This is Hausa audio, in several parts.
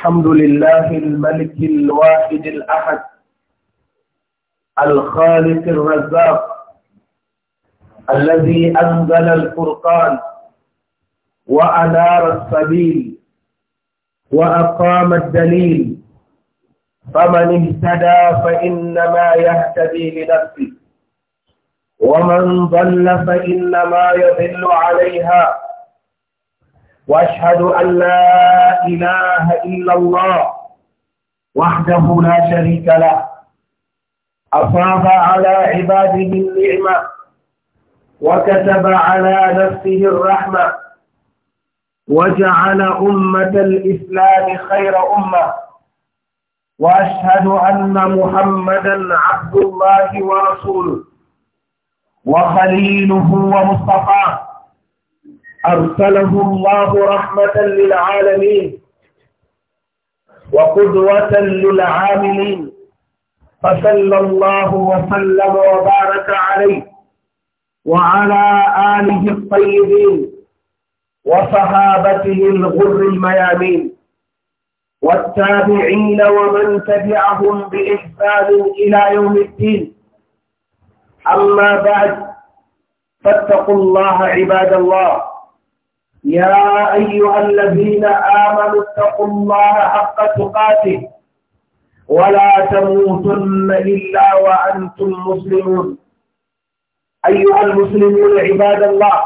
الحمد لله الملك الواحد الأحد الخالق الرزاق الذي أنزل الفرقان وأنار السبيل وأقام الدليل فمن اهتدى فإنما يهتدي لنفسه ومن ضل فإنما يضل عليها وأشهد أن لا إله إلا الله وحده لا شريك له أصاب على عباده النعمة وكتب على نفسه الرحمة وجعل أمة الإسلام خير أمة وأشهد أن محمدا عبد الله ورسوله وخليله ومصطفاه أرسله الله رحمة للعالمين وقدوة للعاملين فصلى الله وسلم وبارك عليه وعلى آله الطيبين وصحابته الغر الميامين والتابعين ومن تبعهم بإحسان إلى يوم الدين أما بعد فاتقوا الله عباد الله يا أيها الذين آمنوا اتقوا الله حق تقاته ولا تموتن إلا وأنتم مسلمون أيها المسلمون عباد الله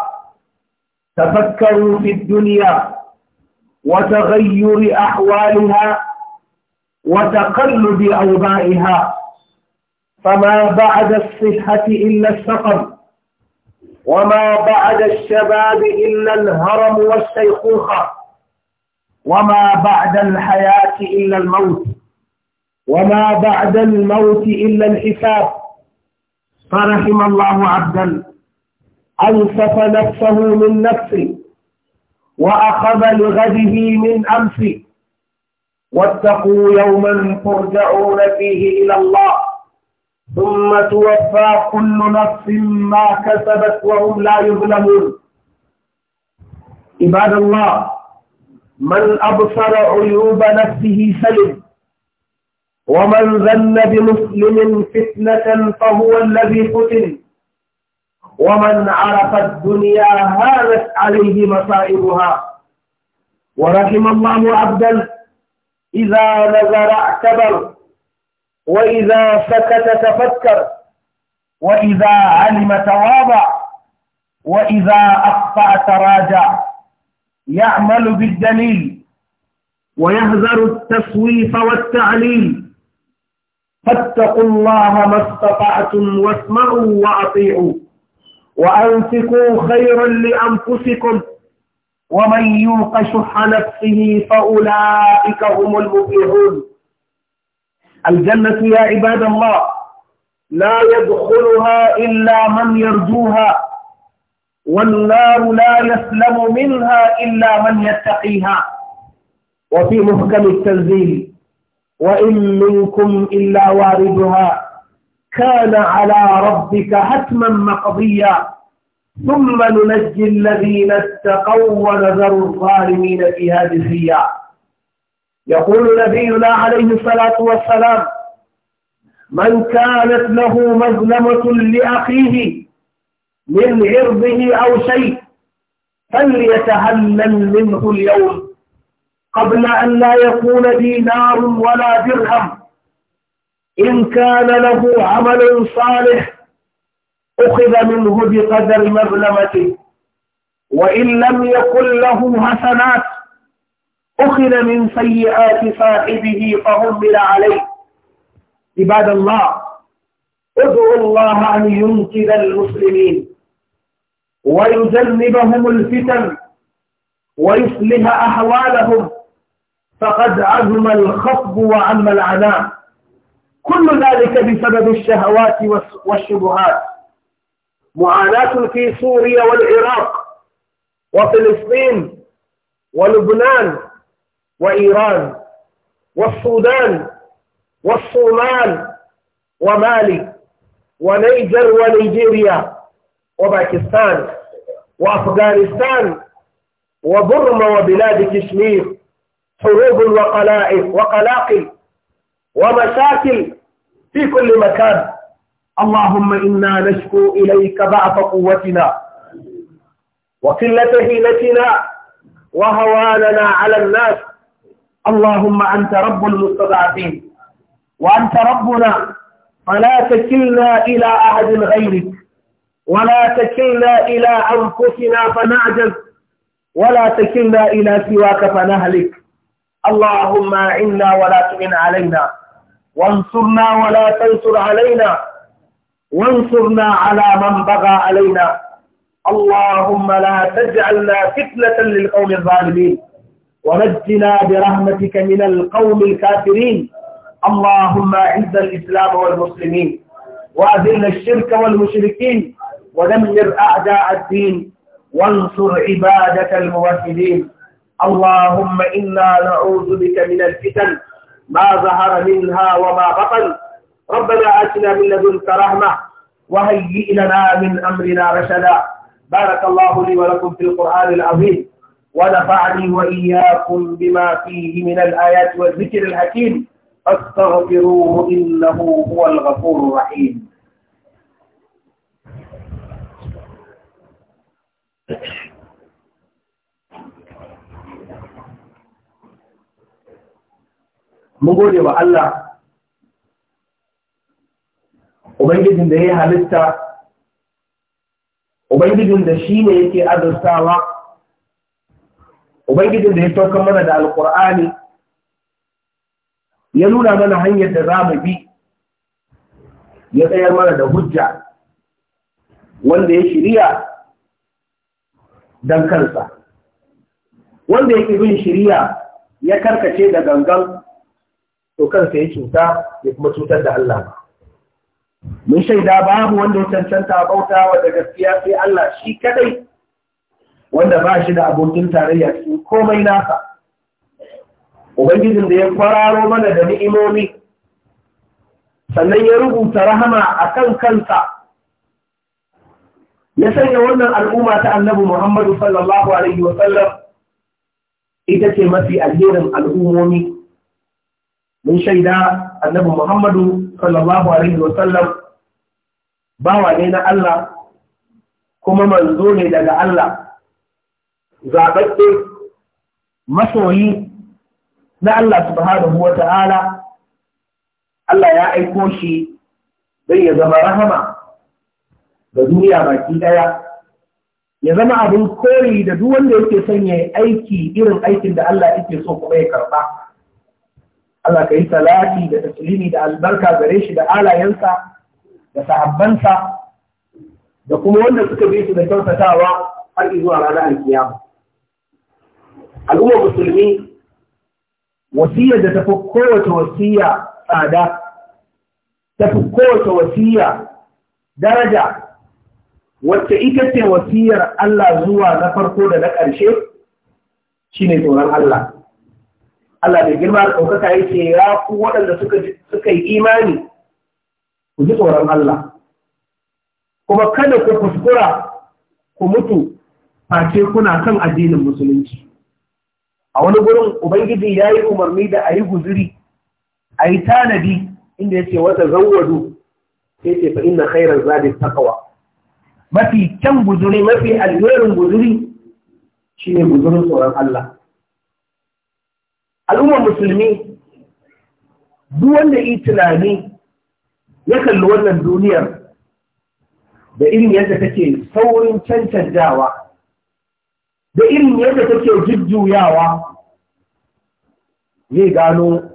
تفكروا في الدنيا وتغير أحوالها وتقلب أوضاعها فما بعد الصحة إلا السقم وما بعد الشباب إلا الهرم والشيخوخة وما بعد الحياة إلا الموت وما بعد الموت إلا الحساب فرحم الله عبدا أنصف نفسه من نفسه وأخذ لغده من أمسه واتقوا يوما ترجعون فيه إلى الله ثم توفى كل نفس ما كسبت وهم لا يظلمون عباد الله من أبصر عيوب نفسه سلم ومن ظن بمسلم فتنة فهو الذي قتل ومن عرف الدنيا هانت عليه مصائبها ورحم الله عبدا إذا نظر اعتبر وإذا سكت تفكر وإذا علم تواضع وإذا أخطأ تراجع يعمل بالدليل ويهذر التسويف والتعليل فاتقوا الله ما استطعتم واسمعوا وأطيعوا وأنفقوا خيرا لأنفسكم ومن يوق شح نفسه فأولئك هم المفلحون الجنة يا عباد الله لا يدخلها إلا من يرجوها والنار لا يسلم منها إلا من يتقيها وفي محكم التنزيل وإن منكم إلا واردها كان على ربك حتما مقضيا ثم ننجي الذين اتقوا ونذر الظالمين فيها جثيا يقول نبينا عليه الصلاة والسلام من كانت له مظلمة لأخيه من عرضه أو شيء فليتهلل منه اليوم قبل أن لا يكون دينار ولا درهم إن كان له عمل صالح أخذ منه بقدر مظلمته وإن لم يكن له حسنات أخذ من سيئات صاحبه فهمل عليه عباد الله ادعوا الله أن ينقذ المسلمين ويجنبهم الفتن ويصلح أحوالهم فقد عزم الخطب وعم العناء كل ذلك بسبب الشهوات والشبهات معاناة في سوريا والعراق وفلسطين ولبنان وإيران والسودان والصومال ومالي ونيجر ونيجيريا وباكستان وأفغانستان وبرما وبلاد كشمير حروب وقلائل وقلاقل ومشاكل في كل مكان اللهم إنا نشكو إليك ضعف قوتنا وقلة هيلتنا وهواننا على الناس اللهم أنت رب المستضعفين وأنت ربنا فلا تكلنا إلى أحد غيرك ولا تكلنا إلى أنفسنا فنعجز ولا تكلنا إلى سواك فنهلك اللهم عنا ولا تمن علينا وانصرنا ولا تنصر علينا وانصرنا على من بغى علينا اللهم لا تجعلنا فتنة للقوم الظالمين ونجنا برحمتك من القوم الكافرين اللهم اعز الإسلام والمسلمين وأذل الشرك والمشركين ودمر أعداء الدين وانصر عبادك الموحدين اللهم إنا نعوذ بك من الفتن ما ظهر منها وما بطن ربنا آتنا من لدنك رحمة وهيئ لنا من أمرنا رشدا بارك الله لي ولكم في القرآن العظيم ونفعني وإياكم بما فيه من الآيات والذكر الحكيم فاستغفروه إنه هو الغفور الرحيم mun وعلا wa Allah دهيها da ya halitta Ubangijin da shi ne ubangijin da ya sauka mana da alkur'ani ya nuna mana hanyar da za mu bi ya tsayar mana da hujja wanda ya shirya don kansa wanda ya bin shirya ya karkace da gangan to kansa ya cuta ya kuma cutar da Allah mun shaida babu wanda ya cancanta bauta wa da gaskiya sai Allah shi kadai wanda ba shi da abokin tarayya cikin komai nasa ubangijin da ya kwararo mana da ni'imomi sannan ya rubuta rahama a kan kansa ya sanya wannan al'umma ta Annabu muhammadu sallallahu alaihi wasallam ita ce mafi alherin al'ummomi mun shaida Annabu muhammadu sallallahu alaihi wasallam bawa ne na Allah kuma manzo ne daga Allah zaɓaɓɓe masoyi na Allah subhanahu wa ta'ala Allah ya aiko shi zai ya zama rahama da duniya baki ɗaya, ya zama abin kori da duk wanda yake son ya aiki irin aikin da Allah yake so kuma ya karɓa. Allah ka yi salati da taslimi da albarka gare shi da alayensa da sahabbansa da kuma wanda suka bi su da kyautatawa har zuwa ranar alkiyama. al'ummar musulmi wasiyar da tafi kowace wasiya tsada tafi kowace wasiya daraja wacce ita ce wasiyar Allah zuwa na farko da na ƙarshe shi ne tsoron Allah Allah mai girma da ɗaukaka yake ya ku waɗanda suka yi imani ku ji tsoron Allah kuma kada ku kuskura ku mutu face kuna kan addinin musulunci a wani gurin ubangiji ya yi umarni da a yi guziri a yi tanadi inda ya ce wata zawwadu sai ce fa inna khairar ta kawa. mafi can guzuri mafi alherin guzuri shi ne tsoron Allah al'ummar musulmi duk wanda yi tunani ya kalli wannan duniyar da irin yadda take saurin cancantawa da irin yadda take jujjuyawa zai gano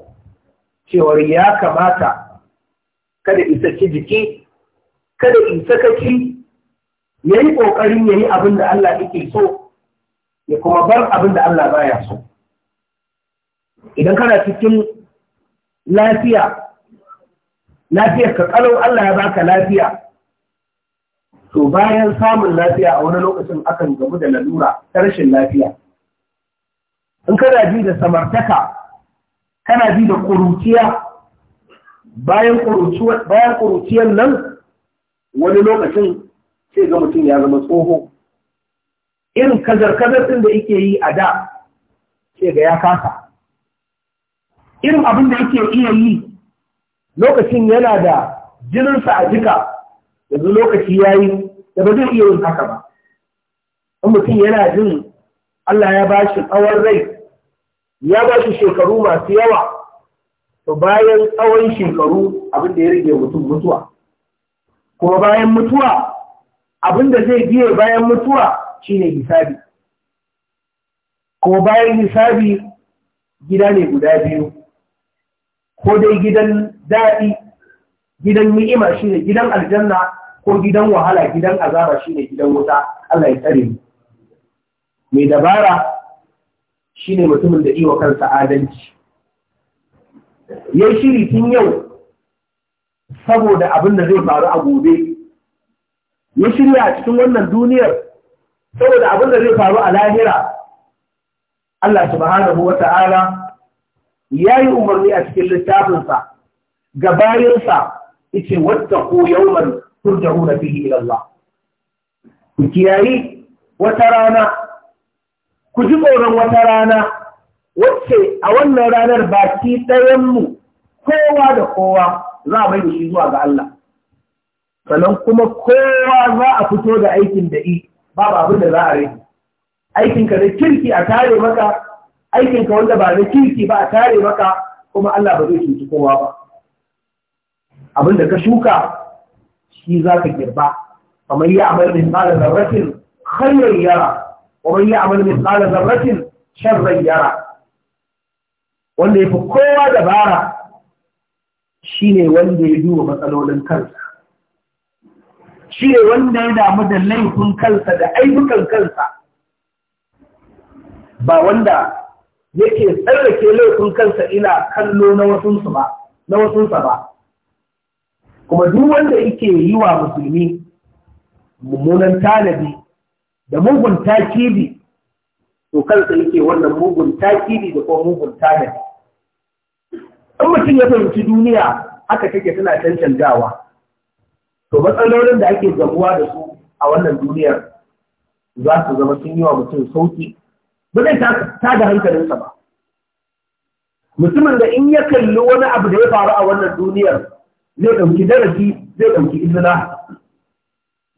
cewar ya kamata kada isaki jiki kada isa ya yi ƙoƙarin ya yi abin da Allah yake so ya kuma bar abin da Allah baya so idan kana cikin lafiya lafiyar ka ƙalau Allah ya baka lafiya to bayan samun lafiya a wani lokacin akan gamu da lalura ta rashin lafiya in kana ji da samartaka kana ji da ƙuruciya bayan ƙuruciyar nan wani lokacin sai ga mutum ya zama tsoho irin kazar-kazar ɗin da yake yi a da sai ga ya kasa irin abin da yake iya yi lokacin yana da jininsa a jika yanzu lokaci ya yi da ba zai iya yin haka ba in mutum yana jin Allah ya ba shi tsawon rai ya ba shi shekaru masu yawa to bayan tsawon shekaru abin da ya rage mutum mutuwa kuma bayan mutuwa abin da zai biye bayan mutuwa shine hisabi kuma bayan hisabi gida ne guda biyu ko dai gidan daɗi gidan ni'ima shine gidan aljanna ko gidan wahala gidan azaba shine gidan wuta Allah ya tsare mu mai dabara shine mutumin da iwa kansa adalci yayi shiri tun yau saboda abin da zai faru a gobe ya shirya a cikin wannan duniyar saboda abin da zai faru a lahira Allah subhanahu wa ta'ala ya yi umarni a cikin littafinsa ga bayansa yace wattaqu yawman turja'una fihi ila Allah ku kiyayi wata rana ku ji tsoron wata rana wacce a wannan ranar baki ɗayan mu kowa da kowa za a bai shi zuwa ga Allah sannan kuma kowa za a fito da aikin da i babu abin da za a rage aikinka na kirki a tare maka aikinka wanda ba na kirki ba a tare maka kuma Allah ba zai cuci kowa ba abin da ka shuka shi za ka girba kamar yi amal tsada zarratin hanyar yara kamar yi amal tsada zarratin sharrar yara wanda ya fi kowa dabara shi ne wanda ya duba matsalolin kansa shi ne wanda ya damu da laifin kansa da aibukan kansa ba wanda yake tsarrake laifin kansa ina kallo na wasunsa ba kuma duk wanda yake yi wa musulmi mummunan tanadi da mugun takibi to kansa yake wannan mugun takibi da kuma mugun tanadi in mutum ya fahimci duniya haka take tana cancanzawa to matsalolin da ake zamuwa da su a wannan duniyar za su zama sun yi wa mutum sauki ba zai ta da hankalinsa ba mutumin da in ya kalli wani abu da ya faru a wannan duniyar zai ɗauki darasi zai ɗauki izina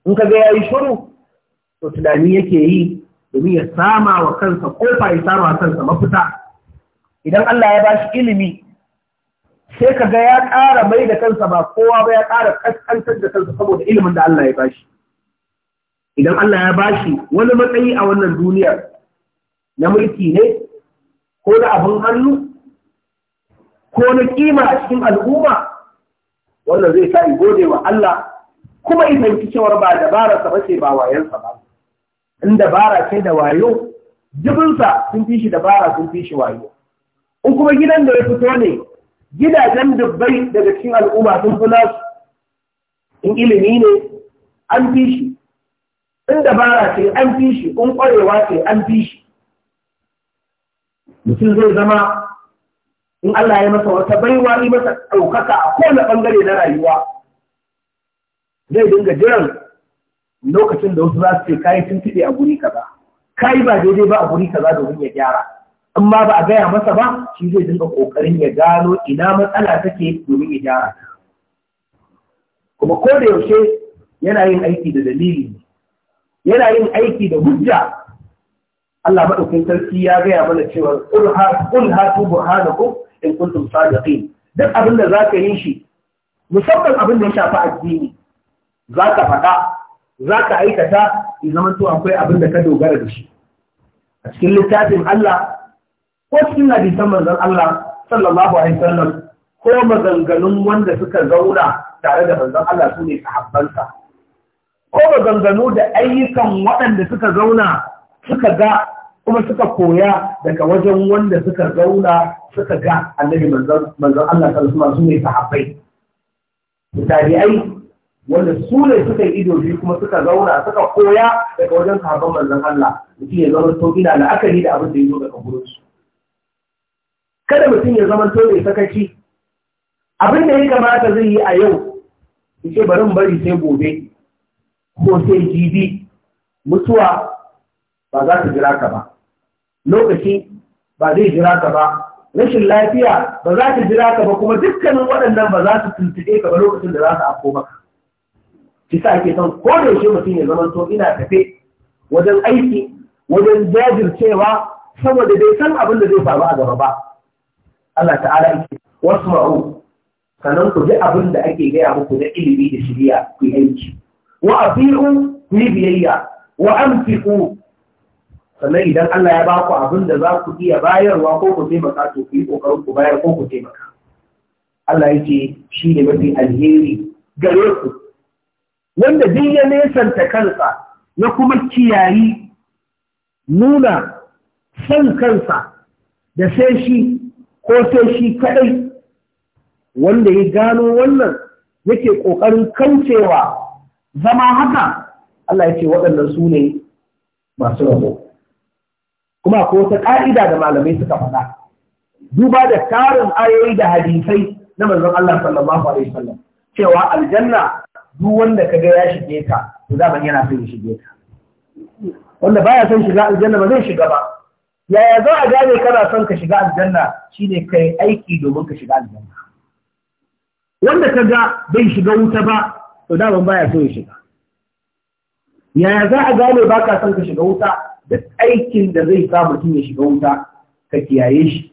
in ka ga ya yi shuru to tunani yake yi domin ya sama wa kansa kofa ya sama wa kansa mafita idan Allah ya bashi ilimi sai ka ga ya ƙara mai da kansa ba kowa ba ya ƙara ƙasƙantar da kansa saboda ilimin da Allah ya bashi. idan Allah ya ba shi wani matsayi a wannan duniyar na mulki ne ko na abin hannu ko na kima a cikin al'umma wannan zai sa in gode wa Allah kuma in fahimci cewa ba dabara sa bace ba wayansa ba in dabara ce da wayo jibinsa sun fi shi dabara sun fi shi wayo in kuma gidan da ya fito ne gidajen dubbai daga cikin al'umma sun fi nasu in ilimi ne an fi shi in dabara ce an fi shi in ƙwarewa ce an fi shi mutum zai zama in Allah ya masa wata baiwa yi masa ɗaukaka a kowane ɓangare na rayuwa zai dinga jiran lokacin da wasu za su ce kayi sun a guri kaza kayi ba daidai ba a guri kaza domin ya gyara amma ba a gaya masa ba shi zai dinga ƙoƙarin ya gano ina matsala take domin ya gyara kuma ko da yaushe yana yin aiki da dalili yana yin aiki da hujja Allah maɗaukin sarki ya gaya mana cewa ƙul hatu burhanakum in kuntum sadiqin duk abin da zaka yi shi musamman abin da ya shafi addini zaka faɗa zaka aikata in zaman to akwai abin da ka dogara da shi a cikin littafin Allah ko cikin hadisan manzon Allah sallallahu alaihi wasallam ko maganganun wanda suka zauna tare da manzon Allah su ne sahabbansa ko maganganu da ayyukan waɗanda suka zauna suka ga kuma suka koya daga wajen wanda suka zauna suka ga annabi manzon Allah sallallahu alaihi wasallam su ne sahabbai wanda su ne suka yi ido biyu kuma suka zauna suka koya daga wajen sahabban manzon Allah mutum ya zama to ina la'akari da abin da ya zo daga gurin su kada mutum ya zama to mai sakaci abin da ya kamata zai yi a yau yace bari mu bari sai gobe ko sai jibi mutuwa ba za ta jira ka ba lokaci ba zai jira ka ba rashin lafiya ba za ta jira ka ba kuma dukkanin waɗannan ba za su tuntuɗe ka ba lokacin da za su afko maka Ki sa ke son ko da yaushe mutum ya zama to ina tafe wajen aiki wajen jajircewa saboda bai san abin da zai faru a gaba ba Allah ta'ala yake wasu ma'u sannan ku ji abin da ake gaya muku na ilimi da shirya ku yi aiki wa afi'u ku yi biyayya wa amfiku sannan idan Allah ya baku abin da za ku iya bayarwa ko ku taimaka to ku yi kokarin ku bayar ko ku taimaka Allah ya ce shi ne mafi alheri gare ku wanda duk ya nesanta kansa ya kuma kiyayi nuna son kansa da sai shi ko sai shi kaɗai, wanda ya gano wannan yake ƙoƙarin kancewa zama haka Allah ya ce waɗannan su ne masu rabo kuma ko wata ƙa'ida da malamai suka faɗa duba da tarin ayoyi da hadisai na manzon Allah sallallahu alaihi wasallam cewa aljanna duk wanda kaga ya shige ka to da zaman yana son ya shige ka wanda baya son shiga aljanna ba zai shiga ba yaya za a gane kana son ka shiga aljanna shine kai aiki domin ka shiga aljanna wanda kaga bai shiga wuta ba to da ban baya son ya shiga yaya za a gane baka son ka shiga wuta da aikin da zai sa mutum ya shiga wuta ka kiyaye shi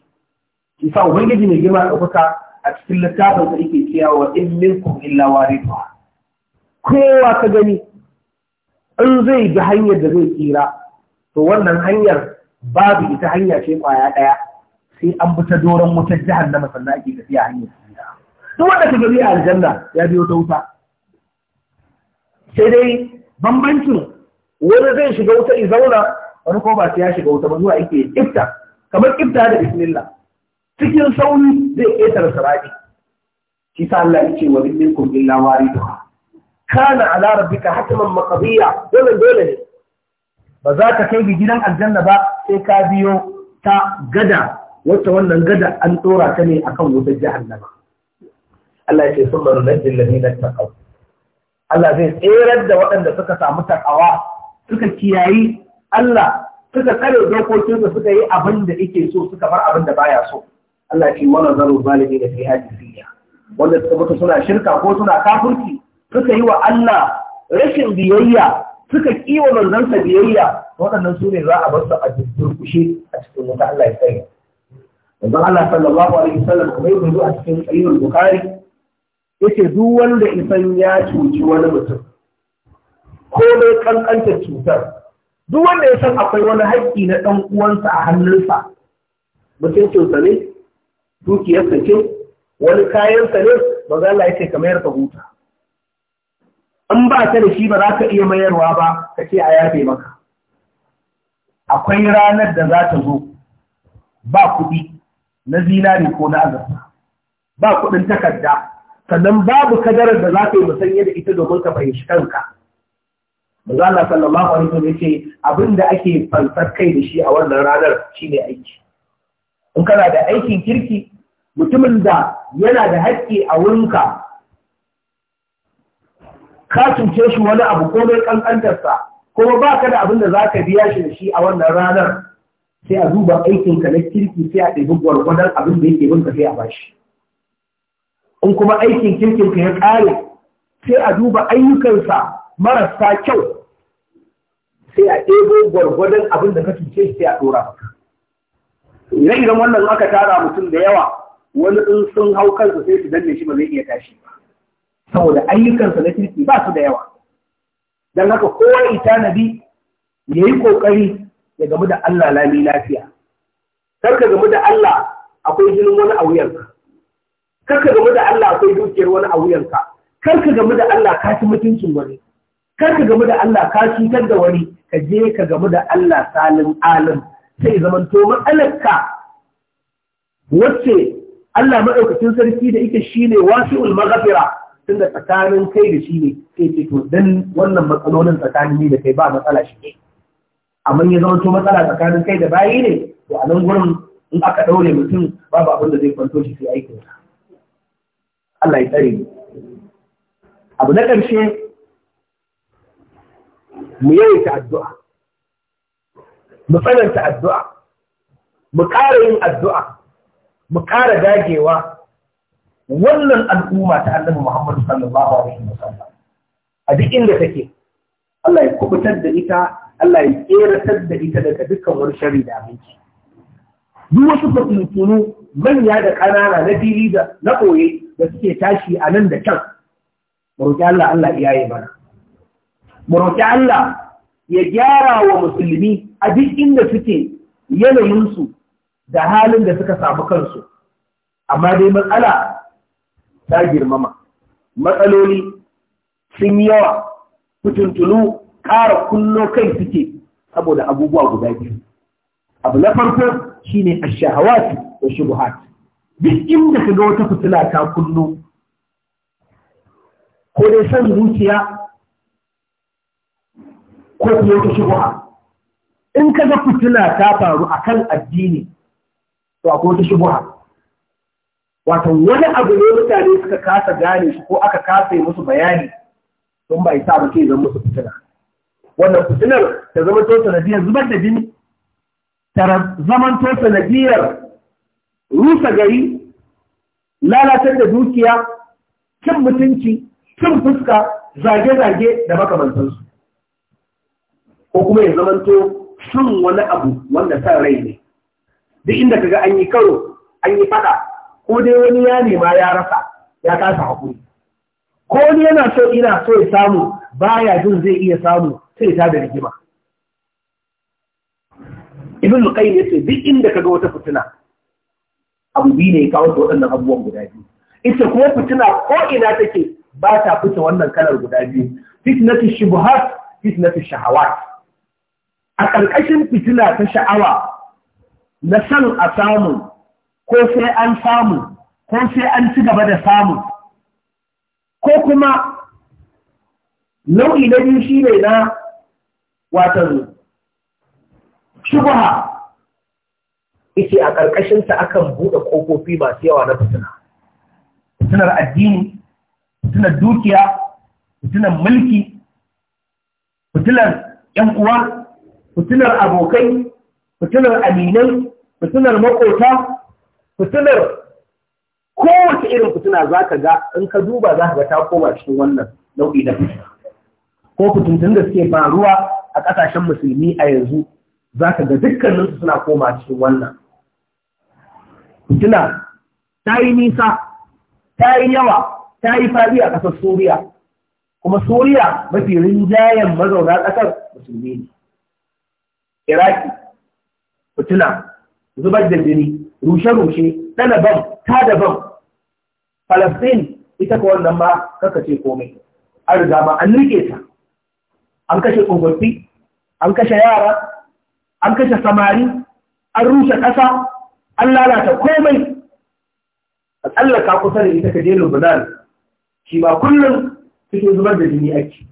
isa ubangiji mai girma kuka a cikin littafin sa yake cewa in minkum illa waridha kowa ka gani in zai bi hanyar da zai tsira to wannan hanyar babu ita hanya ce kwaya ɗaya sai an bi ta doron wutar jahannama sannan ake tafiya hanyar tsira duk wanda ka gani a aljanna ya biyo ta wuta sai dai bambancin wani zai shiga wuta in zauna wani kuma ba sai ya shiga wuta ba zuwa yake ifta kamar ifta da bismillah cikin sauri zai ƙetare sarari shi sa Allah ya ce wa kun illa waridha kana ala rabbika hatman maqdiya dole dole ne ba za ka kai gidan aljanna ba sai ka biyo ta gada wata wannan gada an tsora ta ne akan wutar jahannama Allah ya ce sun maru nan jillani na takaw Allah zai tserar da waɗanda suka samu takawa suka kiyayi Allah suka kare dokokinsa suka yi abin da yake so suka bar abin da baya so Allah ce wa nazaru zalimi da fi hadisiya wanda suka mutu suna shirka ko suna kafirci suka yi wa Allah rashin biyayya suka kiwa sa biyayya waɗannan su ne za a bar su a durkushe a cikin wuta, Allah ya tsaye Yanzu Allah sallallahu alaihi wasallam kuma yake zo a cikin sahihul Bukhari yace duk wanda isan ya cuci wani mutum Ko dai kankantar cutar duk wanda ya san akwai wani haƙƙi na ɗan uwansa a hannunsa mutum cuta ne dukiyarsa ce wani kayansa ne ba za la yake ka mayar ka huta in ba ta da shi ba za ka iya mayarwa ba ka ce a yafe maka akwai ranar da za ta zo ba kuɗi na zinari ko na azurfa ba kuɗin takarda sannan babu kadarar da za ka yi musanya da ita domin ka fahimci kanka manzo Allah sallallahu alaihi wasallam yace abinda ake fansar kai da shi a wannan ranar shine aiki in kana da aikin kirki mutumin da yana da haƙƙi a wurinka ka cuce shi wani abu ko mai kankantarsa kuma ba ka da abin da za ka biya shi da shi a wannan ranar sai a duba aikinka na kirki sai a ɗebi gwargwadon abin da yake binka sai a bashi in kuma aikin kirkinka ya ƙare sai a duba ayyukansa marasa kyau sai a ɗebo gwargwadon abin da ka cuce shi sai a ɗora maka idan idan wannan aka tara mutum da yawa wani in sun hau kansa sai su danne shi ba zai iya tashi ba saboda ayyukansa na kirki ba su da yawa don haka kowa itanabi ya yi ƙoƙari ya gamu da Allah lami lafiya kar ka gamu da Allah akwai jinin wani a wuyanka kar ka gamu da Allah akwai dukiyar wani a wuyanka kar ka gamu da Allah ka ci mutuncin wani kar ka gamu da Allah ka cutar da wani ka je ka gamu da Allah salin alim sai zaman to matsalarka wacce Allah maɗaukacin sarki da yake shine ulmagafira? maghfira tunda tsakanin kai da shi ne sai ce to dan wannan matsalolin tsakanin ni da kai ba matsala shi ne amma ya zama to matsala tsakanin kai da bayi ne to a nan gurin in aka ɗaure mutum babu abin da zai kwanto shi sai aikin sa Allah ya tsare ne. abu na ƙarshe mu yawaita addu'a mu tsananta addu'a mu ƙara yin addu'a mu ƙara dagewa wannan al'umma ta annabi Muhammadu sallallahu alaihi wasallam a duk inda take Allah ya kubutar da ita Allah ya ƙeratar da ita daga dukkan wani shari da abinci duk wasu fitintunu manya da ƙanana na fili da na ɓoye da suke tashi a nan da can roƙi Allah Allah ya yi mana mu roƙi Allah ya gyara wa musulmi a duk inda suke yanayinsu da halin da suka samu kansu amma dai matsala ta girmama matsaloli sun yawa fitintunu ƙara kullo kai suke saboda abubuwa guda biyu abu na farko shi ne shine ashahawati da shubuhat duk inda ga wata fitila ta kullo ko dai son zuciya ko kuma wata shubuha in ka ga fitina ta faru a kan addini to akwai wata shubuha wato wani abu ne mutane suka kasa gane shi ko aka kasa yi musu bayani don ba sa ba ke musu fitina wannan fitinar ta zama to sanadiyar zubar da jini ta zama to sanadiyar rusa gari lalatar da dukiya cin mutunci cin fuska zage-zage da makamantansu ko kuma ya zamanto sun wani abu wanda sa rai ne duk inda kaga an yi karo an yi fada ko dai wani ya nema ya rasa ya kasa hakuri ko wani yana so ina so ya samu baya jin zai iya samu sai ta da rigima ibn luqayn yace duk inda kaga wata fitina abu bi ne ya kawo ta waɗannan abubuwan guda biyu ita kuma fitina ko ina take ba ta fita wannan kalar guda biyu fitnatu shubuhat fitnatu shahawat a ƙarƙashin fitila ta sha'awa na san a samu ko sai an samu ko sai an ci gaba da samu ko kuma nau'i na biyu shi ne na watan shubaha ita a ƙarƙashinsa akan buɗe ƙofofi masu yawa na fitina fitinar addini fitinar dukiya fitinar mulki fitinar ‘yan uwa fitinar abokai fitinar aminai fitinar makota fitinar kowace irin fitina za ka ga in ka duba za ka ga ta koma cikin wannan nau'i na fitina ko fitintun da suke faruwa a ƙasashen musulmi a yanzu za ka ga dukkaninsu suna koma cikin wannan fitina ta yi nisa ta yi yawa ta yi faɗi a ƙasar suriya kuma suriya mafi rinjayen mazauna ƙasar musulmi ne iraki fituna zubar da jini rushe-rushe ɗana bam ta da bam falastin ita ka wannan ma kaka ce komai an riga ma an rike ta an kashe tsofaffi an kashe yara an kashe samari an rushe ƙasa an lalata komai a tsallaka kusa da ita ka je lubunan shi ba kullum suke zubar da jini ake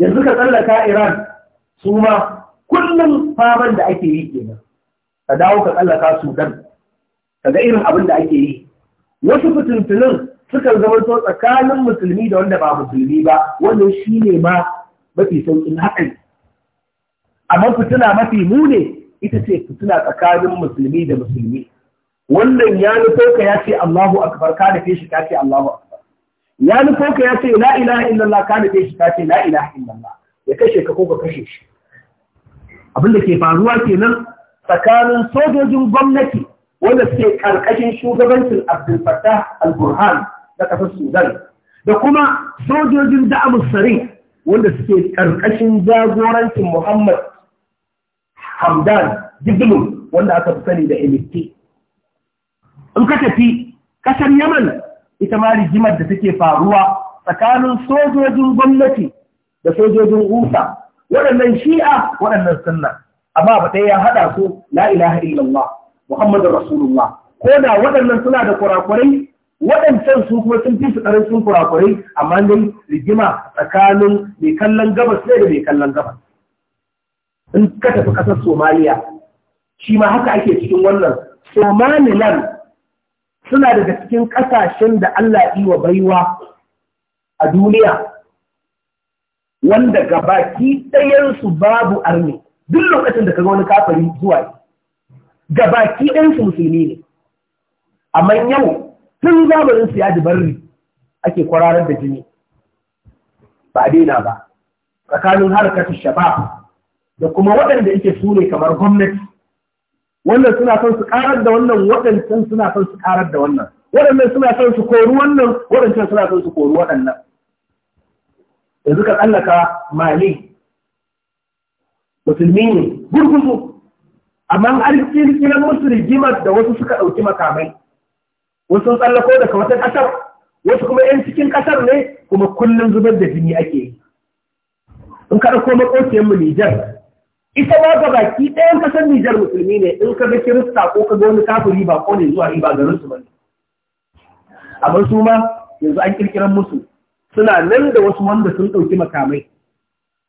yanzu ka tsallaka iran su ma kullum faman da ake yi ke nan, ka dawo ka tsallaka su ka kaga irin abin da ake yi wasu fitintunin sukan zama to tsakanin musulmi da wanda ba musulmi ba wannan shine ma mafi saukin haɗari amma fituna mafi mune ita ce fituna tsakanin musulmi da musulmi wannan ya ni ka ya ce Allahu akbar ka da shi ka ce Allahu akbar ya ni ka ya ce la ilaha illallah ka nufe shi ka ce la ilaha illallah ya kashe ka ko ka kashe shi abin da ke faruwa kenan tsakanin sojojin gwamnati wanda suke karkashin shugabancin Abdul Fattah al-Burhan na kasar Sudan da kuma sojojin Da'amus Sari wanda suke karkashin jagorancin Muhammad Hamdan Jibrilun wanda aka fi sani da MFT in ka tafi kasar Yaman ita ma rigimar da take faruwa tsakanin sojojin gwamnati da sojojin USA waɗannan shi'a waɗannan sunna amma ba ta ya haɗa su la ilaha illallah muhammadur rasulullah ko da waɗannan suna da kurakurai waɗancan su kuma sun fi su sun kurakurai amma dai rigima tsakanin mai kallon gabas ne da mai kallon gabas in ka tafi ƙasar somaliya shi ma haka ake cikin wannan somaliland suna daga cikin ƙasashen da allah yi wa baiwa a duniya wanda gabaki ɗayansu babu arni duk lokacin da ga wani kafari zuwa gabaki ɗansu musulmi ne amma yau tun zamanin su ya barri ake kwararar da jini ba a daina ba tsakanin harkar shaba da kuma waɗanda yake su ne kamar gwamnati wannan suna son su karar da wannan waɗancan suna son su karar da wannan waɗannan suna son su koru wannan waɗancan suna son su koru waɗannan yanzu ka tsallaka mali musulmi ne gurguzu amma an kiran musu rigimar da wasu suka ɗauki makamai wasu tsallako daga wata ƙasar wasu kuma yan cikin ƙasar ne kuma kullum zubar da jini ake yi in ka ɗauko mu Nijar ita ma ga baki ɗayan kasar Nijar musulmi ne in ka ga Kirista ko ka ga wani kafiri ba ko ne zuwa riba garin su ba. amma su ma yanzu an kirkiran musu suna nan da wasu wanda sun ɗauki makamai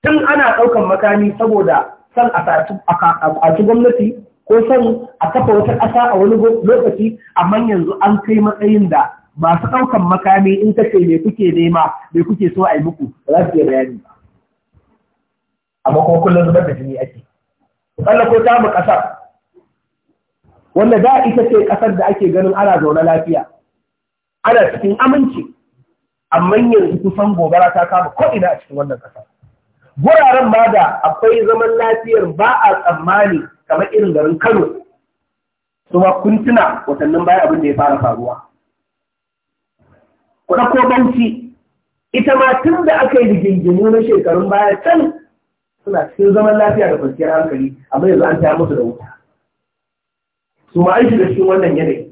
tun ana ɗaukan makami saboda san a ci gwamnati ko san a kafa wata ƙasa a wani lokaci amma yanzu an kai matsayin da masu ɗaukan makami in ce me kuke nema me kuke so a yi muku za su bayani amma kuma kullum zubar da jini ake Allah ko ta mu ƙasar wanda da ita ce ƙasar da ake ganin ana zaune lafiya ana cikin aminci amma yanzu kusan gobara ta kama ko'ina a cikin wannan ƙasa guraren ma da akwai zaman lafiyar ba a tsammani kamar irin garin kano su ma kun tuna watannin baya abin da ya fara faruwa kuɗa ko bauchi ita ma tun da aka yi rigingimu na shekarun baya can suna cikin zaman lafiya da kwanciyar hankali amma yanzu an taya musu da wuta su ma an shiga cikin wannan yanayi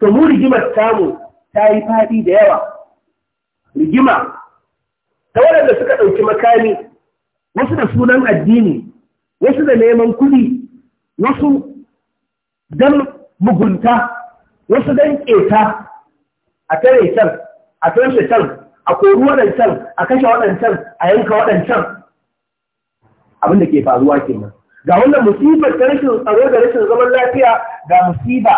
to mu rigimar tamu ta yi faɗi da yawa rigima ta waɗanda suka ɗauki makami wasu da sunan addini wasu da neman kuɗi wasu don mugunta wasu don ƙeta a tare can a tare can a koru waɗancan a kashe waɗancan a yanka waɗancan abin da ke faruwa kenan ga wannan musibar ta rashin tsaro da rashin zaman lafiya ga musiba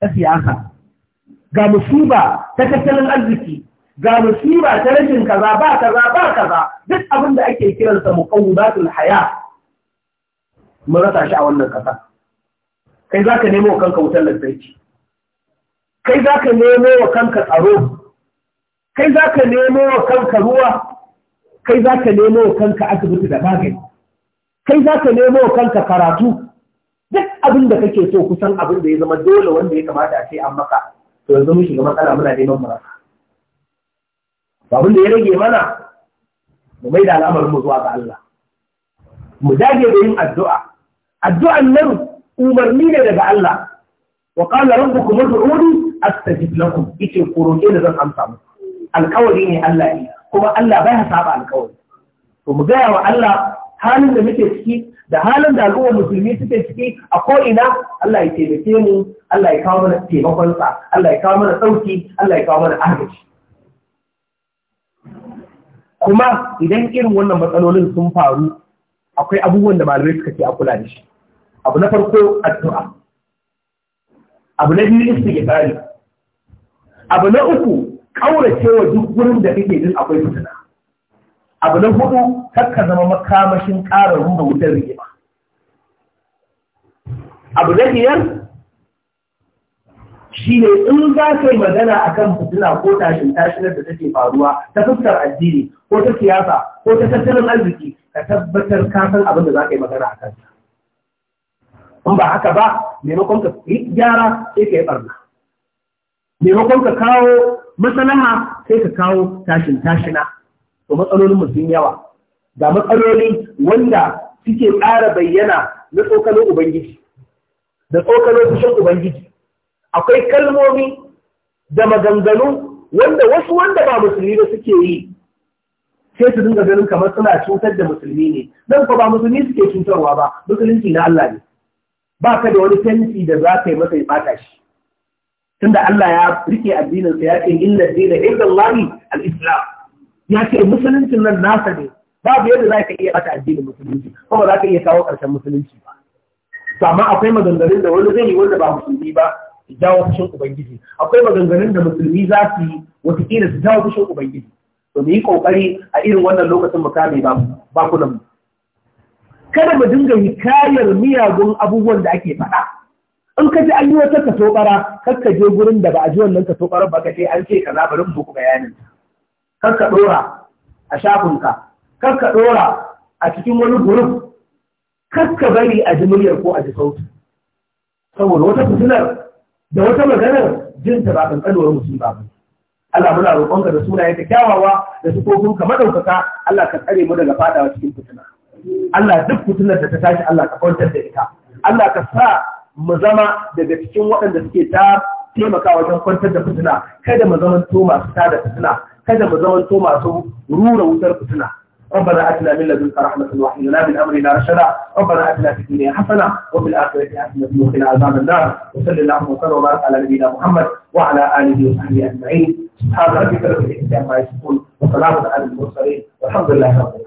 ta siyasa ga musiba ta tattalin arziki ga musiba ta rashin kaza ba kaza ba kaza duk abin da ake kiransa muqawwidatul haya mun rasa shi a wannan kasa kai zaka nemo kanka wutar lantarki kai zaka nemo wa kanka tsaro kai zaka nemo wa kanka ruwa kai zaka nemo wa kanka asibiti da magani kai zaka nemo wa kanka karatu duk abin da kake so kusan abin da ya zama dole wanda ya kamata a ce an maka to yanzu mun shiga matsala muna neman marasa abin da ya rage mana mu mai da al'amarin mu zuwa ga Allah mu dage da yin addu'a addu'an nan umarni ne daga Allah wa qala rabbukum ud'uni astajib lakum yace ku roƙe da zan amsa mu. alƙawari ne Allah ne kuma Allah bai saba alƙawari to mu gaya wa Allah halin da muke ciki da halin da al'ummar musulmi suke ciki a ko'ina Allah ya taimake mu Allah ya kawo mana taimakonsa Allah ya kawo mana sauki Allah ya kawo mana agaji kuma idan irin wannan matsalolin sun faru akwai abubuwan da malamai suka ce a kula da shi abu na farko addu'a abu na biyu istighfari abu na uku ƙauracewa duk wurin da kake jin akwai fitina abu na hudu kakka zama makamashin ƙara ruwa wutar rigima abu na biyar shi ne in za ka yi magana a kan fitina ko tashin tashinar da take faruwa ta fuskar addini ko ta siyasa ko ta tattalin arziki ka tabbatar ka abin da za ka yi magana a kansa. In ba haka ba, maimakon ka yi gyara sai ka yi barna. Maimakon ka kawo masalaha sai ka kawo tashin tashina. To matsalolin mutum yawa. Ga matsaloli wanda suke ƙara bayyana na tsokanin Ubangiji, da tsokanin fushin Ubangiji, akwai kalmomi da maganganu wanda wasu wanda ba musulmi ba suke yi sai su dinga ganin kamar suna cutar da musulmi ne don ba musulmi suke cutarwa ba musulunci na Allah ne ba ka da wani fenti da za ka yi masa ya bata shi tunda Allah ya rike addinin sa ya ce inna dina inda Allah al-islam ya ce musuluncin nan nasa ne babu yadda za ka iya bata addinin musulunci ko ba za ka iya kawo ƙarshen musulunci ba amma akwai maganganun da wani zai yi wanda ba musulmi ba jawo fushin ubangiji akwai maganganun da musulmi za su yi wataƙila su jawo fushin ubangiji to mu yi ƙoƙari a irin wannan lokacin mu ba bakunan mu kada mu dinga yi hikayar miyagun abubuwan da ake faɗa in ka ji an yi wata kaso ɓara, kar je gurin da ba a ji wannan kaso ɓara ba ka ce an ce kaza bari mu bayanin kar ka ɗora a shafinka kar ka ɗora a cikin wani gurin kar bari a ji muryar ko a ji sautin saboda wata fitilar da wata maganar jin ta ba kankanuwar musulma ba Allah muna ka da sunaye ta kyawawa da su kofin ka madaukaka Allah ka tsare mu daga fadawa cikin fitina Allah duk fitinar da ta tashi Allah ka kwantar da ita Allah ka sa mu zama daga cikin waɗanda suke ta taimaka wajen kwantar da fitina kada mu zama to masu tada fitina kada mu zama to masu rura wutar fitina ربنا أتنا من لدنك رحمة وحينا من أمرنا رشدا ربنا أتنا في الدنيا حسنة وفي الآخرة حسنة وقنا عذاب النار وصل اللهم وسلم وبارك على نبينا محمد وعلى آله وصحبه أجمعين سبحان ربك رب العزة عما يصفون وسلام على المرسلين والحمد لله رب العالمين